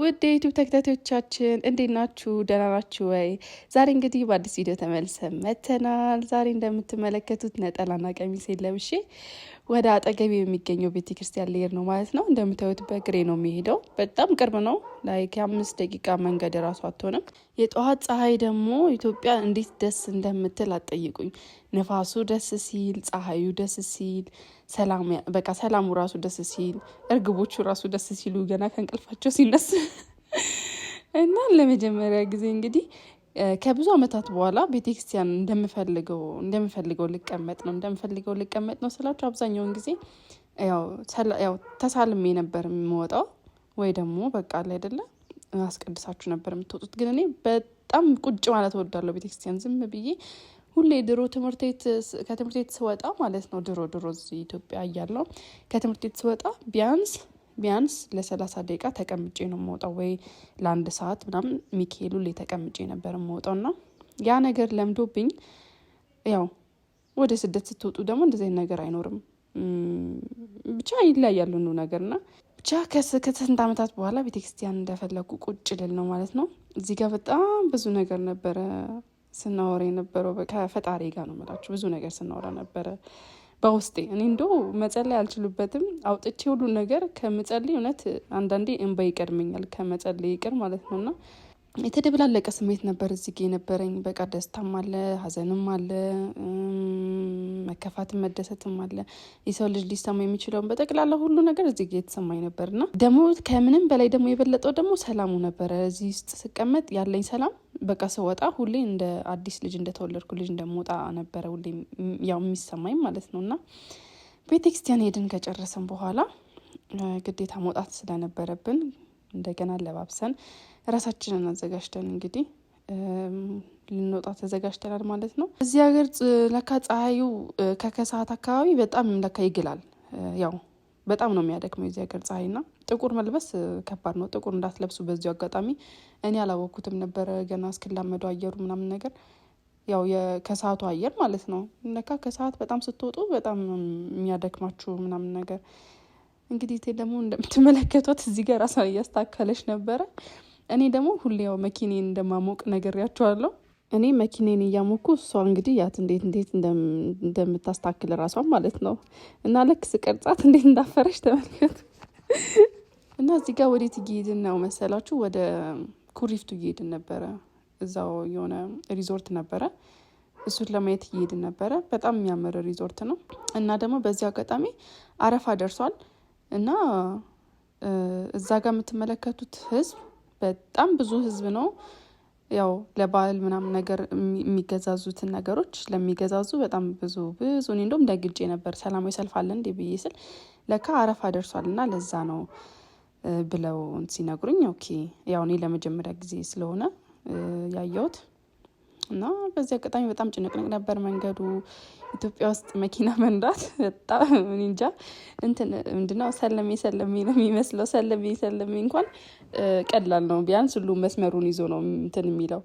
ውድ የዩቱብ ተከታታዮቻችን እንዴት ናችሁ? ደህና ናችሁ ወይ? ዛሬ እንግዲህ በአዲስ ቪዲዮ ተመልሰን መተናል። ዛሬ እንደምትመለከቱት ነጠላና ቀሚስ የለብሼ ወደ አጠገቢ የሚገኘው ቤተ ክርስቲያን ልሄድ ነው ማለት ነው። እንደምታዩት በእግሬ ነው የሚሄደው። በጣም ቅርብ ነው። ላይክ የአምስት ደቂቃ መንገድ ራሱ አትሆንም። የጠዋት ፀሐይ ደግሞ ኢትዮጵያ እንዴት ደስ እንደምትል አጠይቁኝ ንፋሱ ደስ ሲል፣ ፀሐዩ ደስ ሲል፣ በቃ ሰላሙ ራሱ ደስ ሲል፣ እርግቦቹ ራሱ ደስ ሲሉ ገና ከእንቅልፋቸው ሲነሱ እና ለመጀመሪያ ጊዜ እንግዲህ ከብዙ ዓመታት በኋላ ቤተክርስቲያን እንደምፈልገው እንደምፈልገው ልቀመጥ ነው እንደምፈልገው ልቀመጥ ነው ስላቸው አብዛኛውን ጊዜ ያው ተሳልሜ ነበር የምወጣው ወይ ደግሞ በቃ ላይ አይደለ አስቀድሳችሁ ነበር የምትወጡት። ግን እኔ በጣም ቁጭ ማለት እወዳለሁ ቤተክርስቲያን ዝም ብዬ ሁሌ ድሮ ትምህርት ቤት ከትምህርት ቤት ስወጣ ማለት ነው ድሮ ድሮ ኢትዮጵያ እያለሁ ከትምህርት ቤት ስወጣ ቢያንስ ቢያንስ ለሰላሳ ደቂቃ ተቀምጬ ነው መውጣው ወይ ለአንድ ሰዓት ምናምን ሚካኤሉ ላይ ተቀምጬ ነበር መውጣው ና ያ ነገር ለምዶብኝ ያው ወደ ስደት ስትወጡ ደግሞ እንደዚህ ነገር አይኖርም። ብቻ ይለያያሉ ሁሉ ነገር ና ብቻ ከስንት ዓመታት በኋላ ቤተክርስቲያን እንደፈለጉ ቁጭ ልል ነው ማለት ነው። እዚህ ጋር በጣም ብዙ ነገር ነበረ ስናወራ የነበረው ከፈጣሪ ጋር ነው የምላችሁ። ብዙ ነገር ስናወራ ነበረ በውስጤ እኔ እንዶ መጸለይ አልችልበትም። አውጥቼ ሁሉ ነገር ከመጸለይ እውነት አንዳንዴ እንባ ይቀድመኛል ከመጸለይ ይቅር ማለት ነውና የተደብላለቀ ስሜት ነበር እዚህ ጋ የነበረኝ። በቃ ደስታም አለ፣ ሀዘንም አለ፣ መከፋትም መደሰትም አለ። የሰው ልጅ ሊሰማ የሚችለውን በጠቅላላ ሁሉ ነገር እዚህ ጋ የተሰማኝ ነበርና ደግሞ ከምንም በላይ ደግሞ የበለጠው ደግሞ ሰላሙ ነበረ። እዚህ ውስጥ ስቀመጥ ያለኝ ሰላም በቃ ስወጣ ሁሌ እንደ አዲስ ልጅ እንደተወለድኩ ልጅ እንደመውጣ ነበረ ሁሌ ያው የሚሰማኝ ማለት ነው እና ቤተክርስቲያን ሄድን ከጨረሰን በኋላ ግዴታ መውጣት ስለነበረብን እንደገና ለባብሰን ራሳችንን አዘጋጅተን እንግዲህ ልንወጣ ተዘጋጅተናል ማለት ነው። እዚህ ሀገር ለካ ፀሐዩ ከከሰዓት አካባቢ በጣም ለካ ይግላል። ያው በጣም ነው የሚያደክመው የዚህ ሀገር ፀሐይና ጥቁር መልበስ ከባድ ነው። ጥቁር እንዳትለብሱ በዚሁ አጋጣሚ እኔ አላወኩትም ነበረ ገና እስክላመዱ አየሩ ምናምን ነገር ያው ከሰዓቱ አየር ማለት ነው። ለካ ከሰዓት በጣም ስትወጡ በጣም የሚያደክማችሁ ምናምን ነገር እንግዲህ ደግሞ እንደምትመለከቷት እዚህ ጋር ራሷን እያስታከለች ነበረ። እኔ ደግሞ ሁሌ ያው መኪኔን እንደማሞቅ ነግሬያቸዋለሁ። እኔ መኪኔን እያሞኩ እሷ እንግዲህ ያት እንዴት እንዴት እንደምታስታክል ራሷን ማለት ነው። እና ልክ ስቀርጻት እንዴት እንዳፈረች ተመልከቱ። እና እዚህ ጋር ወዴት እየሄድን ነው መሰላችሁ? ወደ ኩሪፍቱ እየሄድን ነበረ። እዛው የሆነ ሪዞርት ነበረ፣ እሱን ለማየት እየሄድን ነበረ። በጣም የሚያምር ሪዞርት ነው። እና ደግሞ በዚህ አጋጣሚ አረፋ ደርሷል እና እዛ ጋር የምትመለከቱት ህዝብ በጣም ብዙ ህዝብ ነው። ያው ለባህል ምናምን ነገር የሚገዛዙትን ነገሮች ለሚገዛዙ በጣም ብዙ ብዙ እኔ እንደውም ደግጄ ነበር ሰላማዊ ሰልፍ አለ እንዴ ብዬ ስል ለካ አረፋ ደርሷል እና ለዛ ነው ብለው ሲነግሩኝ ኦኬ ያው እኔ ለመጀመሪያ ጊዜ ስለሆነ ያየሁት እና በዚህ አጋጣሚ በጣም ጭንቅንቅ ነበር መንገዱ። ኢትዮጵያ ውስጥ መኪና መንዳት በጣም እንጃ እንትን ምንድነው ሰለሜ ሰለሜ ነው የሚመስለው። ሰለሜ ሰለሜ እንኳን ቀላል ነው፣ ቢያንስ ሁሉ መስመሩን ይዞ ነው እንትን የሚለው።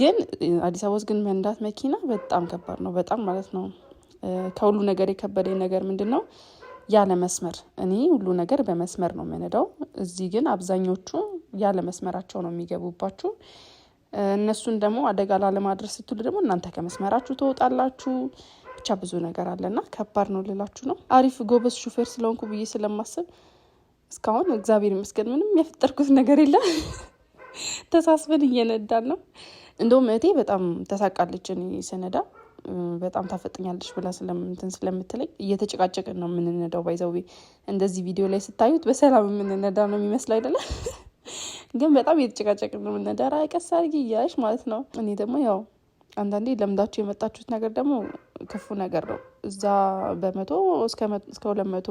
ግን አዲስ አበባ ውስጥ ግን መንዳት መኪና በጣም ከባድ ነው፣ በጣም ማለት ነው። ከሁሉ ነገር የከበደኝ ነገር ምንድን ነው ያለ መስመር። እኔ ሁሉ ነገር በመስመር ነው የምንሄደው። እዚህ ግን አብዛኞቹ ያለ መስመራቸው ነው የሚገቡባችሁ። እነሱን ደግሞ አደጋ ላለማድረስ ስትሉ ደግሞ እናንተ ከመስመራችሁ ትወጣላችሁ። ብቻ ብዙ ነገር አለና ከባድ ነው ልላችሁ ነው። አሪፍ ጎበዝ ሹፌር ስለሆንኩ ብዬ ስለማስብ እስካሁን እግዚአብሔር ይመስገን ምንም ያፈጠርኩት ነገር የለም። ተሳስበን እየነዳን ነው። እንደውም እህቴ በጣም ተሳቃለች። እኔ ስነዳ በጣም ታፈጥኛለች ብላ ስለምንትን ስለምትለኝ እየተጨቃጨቅን ነው የምንነዳው። ባይዘዌ እንደዚህ ቪዲዮ ላይ ስታዩት በሰላም የምንነዳ ነው የሚመስል አይደለም። ግን በጣም እየተጨቃጨቅን ነው የምንደራ ቀስ አድርጊ ማለት ነው። እኔ ደግሞ ያው አንዳንዴ ለምዳችሁ የመጣችሁት ነገር ደግሞ ክፉ ነገር ነው። እዛ በመቶ እስከ ሁለት መቶ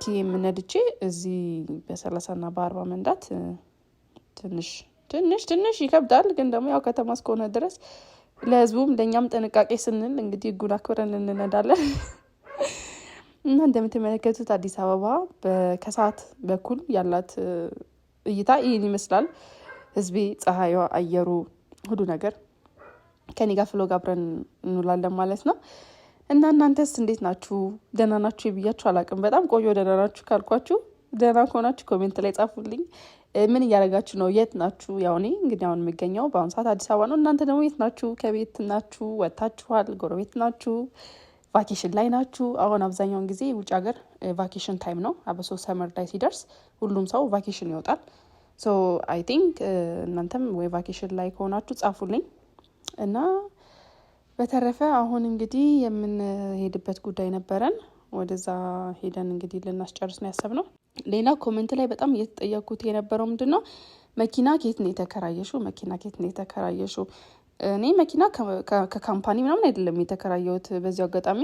ኪ የምነድቼ እዚህ በሰላሳና በአርባ መንዳት ትንሽ ትንሽ ትንሽ ይከብዳል። ግን ደግሞ ያው ከተማ እስከሆነ ድረስ ለህዝቡም ለእኛም ጥንቃቄ ስንል እንግዲህ ህጉን አክብረን እንነዳለን። እና እንደምትመለከቱት አዲስ አበባ ከሰዓት በኩል ያላት እይታ ይህን ይመስላል። ህዝቤ፣ ፀሐይዋ፣ አየሩ፣ ሁሉ ነገር ከኔ ጋር ጋብረን እንውላለን ማለት ነው። እና እናንተስ እንዴት ናችሁ? ደህና ናችሁ ብያችሁ አላቅም በጣም ቆየ። ደህና ናችሁ ካልኳችሁ ደህና ከሆናችሁ ኮሜንት ላይ ጻፉልኝ። ምን እያደረጋችሁ ነው? የት ናችሁ? ያው እኔ እንግዲህ አሁን የምገኘው በአሁኑ ሰዓት አዲስ አበባ ነው። እናንተ ደግሞ የት ናችሁ? ከቤት ናችሁ? ወጥታችኋል? ጎረቤት ናችሁ? ቫኬሽን ላይ ናችሁ። አሁን አብዛኛውን ጊዜ ውጭ ሀገር ቫኬሽን ታይም ነው። አበሶ ሰመር ላይ ሲደርስ ሁሉም ሰው ቫኬሽን ይወጣል። ሶ አይ ቲንክ እናንተም ወይ ቫኬሽን ላይ ከሆናችሁ ጻፉልኝ እና በተረፈ አሁን እንግዲህ የምንሄድበት ጉዳይ ነበረን። ወደዛ ሄደን እንግዲህ ልናስጨርስ ነው ያሰብነው። ሌላ ኮመንት ላይ በጣም እየተጠየኩት የነበረው ምንድን ነው መኪና ኬት ነው የተከራየሹ? መኪና ኬት ነው የተከራየሹ? እኔ መኪና ከካምፓኒ ምናምን አይደለም የተከራየሁት። በዚሁ አጋጣሚ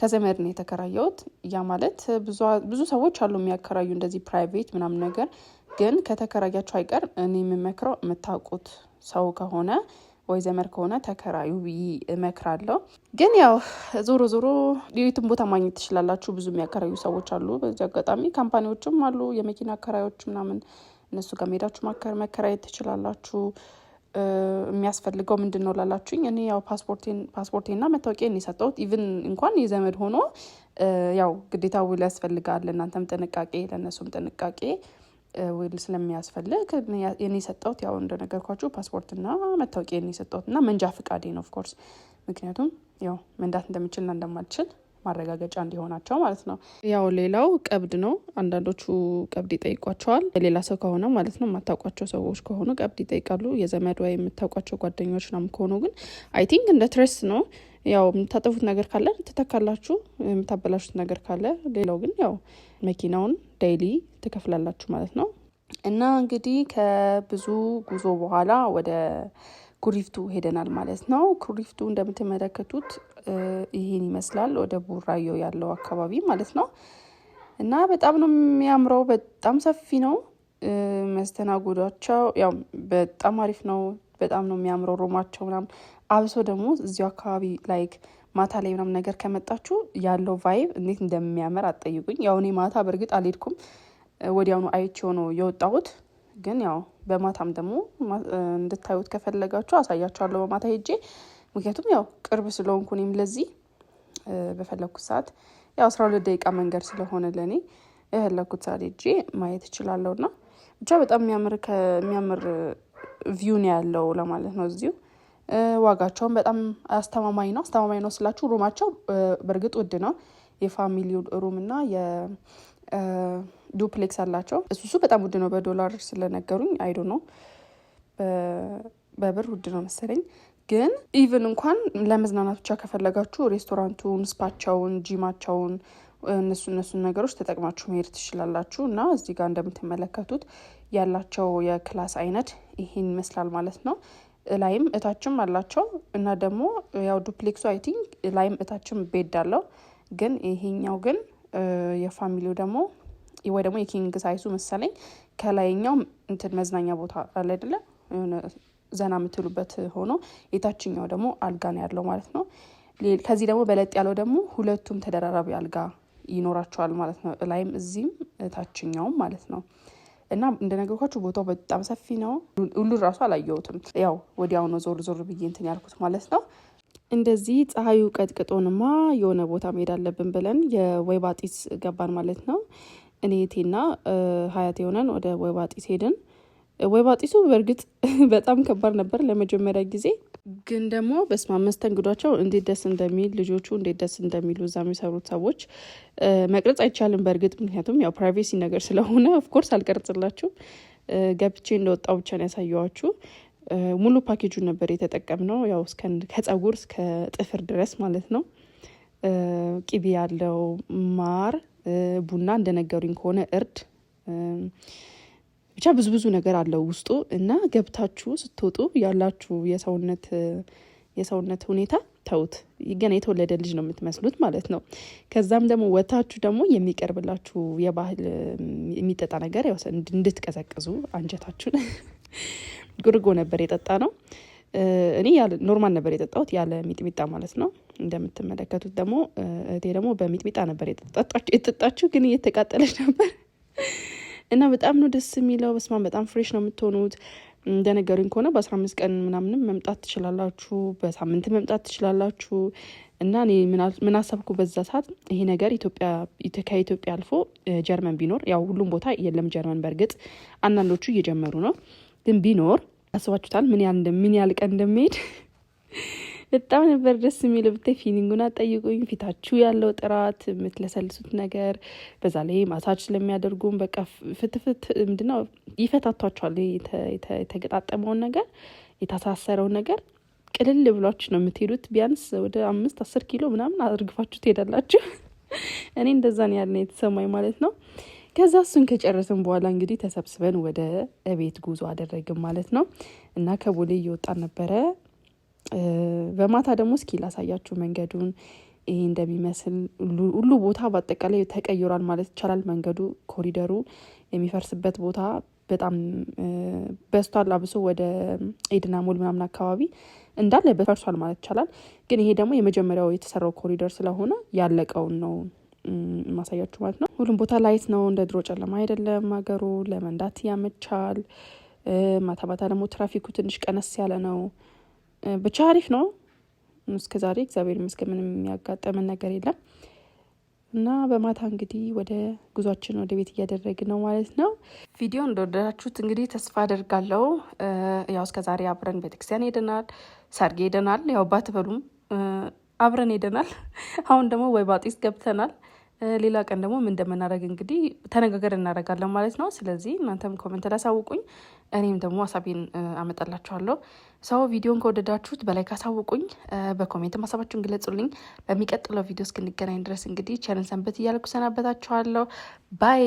ከዘመድ ነው የተከራየሁት። ያ ማለት ብዙ ሰዎች አሉ የሚያከራዩ እንደዚህ ፕራይቬት ምናምን ነገር ግን ከተከራያቸው አይቀር እኔ የምመክረው የምታውቁት ሰው ከሆነ ወይ ዘመድ ከሆነ ተከራዩ ብዬ እመክራለሁ። ግን ያው ዞሮ ዞሮ የትም ቦታ ማግኘት ትችላላችሁ። ብዙ የሚያከራዩ ሰዎች አሉ። በዚህ አጋጣሚ ካምፓኒዎችም አሉ የመኪና አከራዮች ምናምን፣ እነሱ ጋር መሄዳችሁ መከራየት ትችላላችሁ። የሚያስፈልገው ምንድን ነው ላላችሁኝ፣ እኔ ያው ፓስፖርቴና መታወቂያን የሰጠሁት ኢቭን እንኳን የዘመድ ሆኖ ያው ግዴታ ውል ያስፈልጋል። እናንተም ጥንቃቄ፣ ለእነሱም ጥንቃቄ ውል ስለሚያስፈልግ የኔ የሰጠሁት ያው እንደነገርኳችሁ ፓስፖርትና መታወቂያ የኔ የሰጠሁት እና መንጃ ፍቃዴ ነው ኦፍኮርስ፣ ምክንያቱም ያው መንዳት እንደምችልና እንደማልችል ማረጋገጫ እንዲሆናቸው ማለት ነው። ያው ሌላው ቀብድ ነው። አንዳንዶቹ ቀብድ ይጠይቋቸዋል። የሌላ ሰው ከሆነ ማለት ነው፣ የማታውቋቸው ሰዎች ከሆኑ ቀብድ ይጠይቃሉ። የዘመድ ወይ የምታውቋቸው ጓደኞች ናም ከሆኑ ግን አይ ቲንክ እንደ ትረስ ነው። ያው የምታጠፉት ነገር ካለ ትተካላችሁ፣ የምታበላሹት ነገር ካለ። ሌላው ግን ያው መኪናውን ዴይሊ ትከፍላላችሁ ማለት ነው። እና እንግዲህ ከብዙ ጉዞ በኋላ ወደ ኩሪፍቱ ሄደናል ማለት ነው። ኩሪፍቱ እንደምትመለከቱት ይህን ይመስላል። ወደ ቡራዮ ያለው አካባቢ ማለት ነው እና በጣም ነው የሚያምረው። በጣም ሰፊ ነው መስተናጎዷቸው፣ ያው በጣም አሪፍ ነው። በጣም ነው የሚያምረው ሮማቸው ምናምን። አብሶ ደግሞ እዚሁ አካባቢ ላይክ ማታ ላይ ምናምን ነገር ከመጣችሁ ያለው ቫይብ እንዴት እንደሚያምር አጠይቁኝ። ያው እኔ ማታ በእርግጥ አልሄድኩም፣ ወዲያውኑ አይቼው ነው የወጣሁት ግን ያው በማታም ደግሞ እንድታዩት ከፈለጋችሁ አሳያችኋለሁ በማታ ሄጄ። ምክንያቱም ያው ቅርብ ስለሆንኩ እኔም ለዚህ በፈለግኩት ሰዓት ያው አስራ ሁለት ደቂቃ መንገድ ስለሆነ ለእኔ የፈለግኩት ሰዓት ሄጄ ማየት እችላለሁና ብቻ በጣም የሚያምር ከሚያምር ቪው ነው ያለው ለማለት ነው እዚሁ ዋጋቸውን በጣም አስተማማኝ ነው። አስተማማኝ ነው ስላችሁ ሩማቸው በእርግጥ ውድ ነው። የፋሚሊ ሩም እና ዱፕሌክስ አላቸው። እሱ በጣም ውድ ነው። በዶላር ስለነገሩኝ አይዶ ነው። በብር ውድ ነው መሰለኝ። ግን ኢቭን እንኳን ለመዝናናት ብቻ ከፈለጋችሁ ሬስቶራንቱን፣ ስፓቸውን፣ ጂማቸውን እነሱ እነሱን ነገሮች ተጠቅማችሁ መሄድ ትችላላችሁ። እና እዚህ ጋር እንደምትመለከቱት ያላቸው የክላስ አይነት ይህን ይመስላል ማለት ነው። ላይም እታችም አላቸው እና ደግሞ ያው ዱፕሌክሱ አይ ቲንክ ላይም እታችም ቤድ አለው ግን ይሄኛው ግን የፋሚሊው ደግሞ ወይ ደግሞ የኪንግ ሳይሱ መሰለኝ ከላይኛው እንትን መዝናኛ ቦታ አለ አይደለ የሆነ ዘና የምትሉበት ሆኖ የታችኛው ደግሞ አልጋ ነው ያለው ማለት ነው። ከዚህ ደግሞ በለጥ ያለው ደግሞ ሁለቱም ተደራራቢ አልጋ ይኖራቸዋል ማለት ነው። ላይም እዚህም ታችኛውም ማለት ነው። እና እንደነገርኳችሁ ቦታው በጣም ሰፊ ነው። ሁሉ ራሱ አላየሁትም። ያው ወዲያውኑ ዞር ዞር ብዬ እንትን ያልኩት ማለት ነው። እንደዚህ ፀሐዩ ቀጥቅጦንማ የሆነ ቦታ መሄድ አለብን ብለን የወይባጢስ ገባን ማለት ነው። እኔ ቴና ሀያት የሆነን ወደ ወይባጢስ ሄድን። ወይባጢሱ በእርግጥ በጣም ከባድ ነበር ለመጀመሪያ ጊዜ ግን ደግሞ በስማ መስተንግዷቸው እንዴት ደስ እንደሚል ልጆቹ እንዴት ደስ እንደሚሉ እዛ የሚሰሩት ሰዎች መቅረጽ አይቻልም። በእርግጥ ምክንያቱም ያው ፕራይቬሲ ነገር ስለሆነ ኦፍኮርስ አልቀርጽላችሁም። ገብቼ እንደወጣው ብቻ ነው ያሳየዋችሁ። ሙሉ ፓኬጁ ነበር የተጠቀምነው። ያው ከጸጉር እስከ ጥፍር ድረስ ማለት ነው። ቂቤ ያለው ማር፣ ቡና እንደነገሩኝ ከሆነ እርድ፣ ብቻ ብዙ ብዙ ነገር አለው ውስጡ እና ገብታችሁ ስትወጡ ያላችሁ የሰውነት የሰውነት ሁኔታ ተውት። ገና የተወለደ ልጅ ነው የምትመስሉት ማለት ነው። ከዛም ደግሞ ወታችሁ ደግሞ የሚቀርብላችሁ የባህል የሚጠጣ ነገር እንድትቀዘቅዙ አንጀታችሁን ጉርጎ ነበር የጠጣ ነው። እኔ ኖርማል ነበር የጠጣሁት ያለ ሚጥሚጣ ማለት ነው። እንደምትመለከቱት ደግሞ እቴ ደግሞ በሚጥሚጣ ነበር የጠጣችው፣ ግን እየተቃጠለች ነበር እና በጣም ነው ደስ የሚለው። በስማ በጣም ፍሬሽ ነው የምትሆኑት። እንደነገሩኝ ከሆነ በአስራ አምስት ቀን ምናምንም መምጣት ትችላላችሁ፣ በሳምንት መምጣት ትችላላችሁ። እና እኔ ምን አሰብኩ በዛ ሰዓት ይሄ ነገር ከኢትዮጵያ አልፎ ጀርመን ቢኖር ያው ሁሉም ቦታ የለም ጀርመን በእርግጥ አንዳንዶቹ እየጀመሩ ነው ግን ቢኖር ያስባችሁታል ምን ያህል ምን ያህል ቀን እንደሚሄድ በጣም ነበር ደስ የሚል ብታይ ፊሊንጉን አጠይቁኝ። ፊታችሁ ያለው ጥራት፣ የምትለሰልሱት ነገር፣ በዛ ላይ ማሳጅ ስለሚያደርጉም በቃ ፍትፍት ምንድነው ይፈታቷቸዋል። የተገጣጠመውን ነገር የታሳሰረውን ነገር ቅልል ብሏችሁ ነው የምትሄዱት። ቢያንስ ወደ አምስት አስር ኪሎ ምናምን አርግፋችሁ ትሄዳላችሁ። እኔ እንደዛን ያለ የተሰማኝ ማለት ነው። ከዛ እሱን ከጨረስን በኋላ እንግዲህ ተሰብስበን ወደ እቤት ጉዞ አደረግን ማለት ነው እና ከቦሌ እየወጣ ነበረ። በማታ ደግሞ እስኪ ላሳያችሁ መንገዱን ይሄ እንደሚመስል ሁሉ ቦታ በአጠቃላይ ተቀይሯል ማለት ይቻላል። መንገዱ ኮሪደሩ የሚፈርስበት ቦታ በጣም በስቷል። አብሶ ወደ ኤድና ሞል ምናምን አካባቢ እንዳለ በፈርሷል ማለት ይቻላል። ግን ይሄ ደግሞ የመጀመሪያው የተሰራው ኮሪደር ስለሆነ ያለቀውን ነው ማሳያችሁ ማለት ነው። ሁሉም ቦታ ላይት ነው። እንደ ድሮ ጨለማ አይደለም። ሀገሩ ለመንዳት ያመቻል። ማታ ማታ ደግሞ ትራፊኩ ትንሽ ቀነስ ያለ ነው። ብቻ አሪፍ ነው። እስከዛሬ እግዚአብሔር ይመስገን ምንም የሚያጋጠምን ነገር የለም እና በማታ እንግዲህ ወደ ጉዟችን ወደ ቤት እያደረግን ነው ማለት ነው። ቪዲዮ እንደወደዳችሁት እንግዲህ ተስፋ አደርጋለሁ። ያው እስከ ዛሬ አብረን ቤተክርስቲያን ሄደናል፣ ሰርጌ ሄደናል። ያው ባትበሉም አብረን ሄደናል። አሁን ደግሞ ወይ ባጢስ ገብተናል። ሌላ ቀን ደግሞ ምን እንደምናደርግ እንግዲህ ተነጋገር እናደርጋለን ማለት ነው። ስለዚህ እናንተም ኮመንት ላሳውቁኝ፣ እኔም ደግሞ ሀሳቤን አመጣላችኋለሁ። ሰው ቪዲዮን ከወደዳችሁት በላይ ካሳውቁኝ፣ በኮሜንት ሀሳባችሁን ግለጹልኝ። በሚቀጥለው ቪዲዮ እስክንገናኝ ድረስ እንግዲህ ቸርን ሰንበት እያልኩ ሰናበታችኋለሁ። ባይ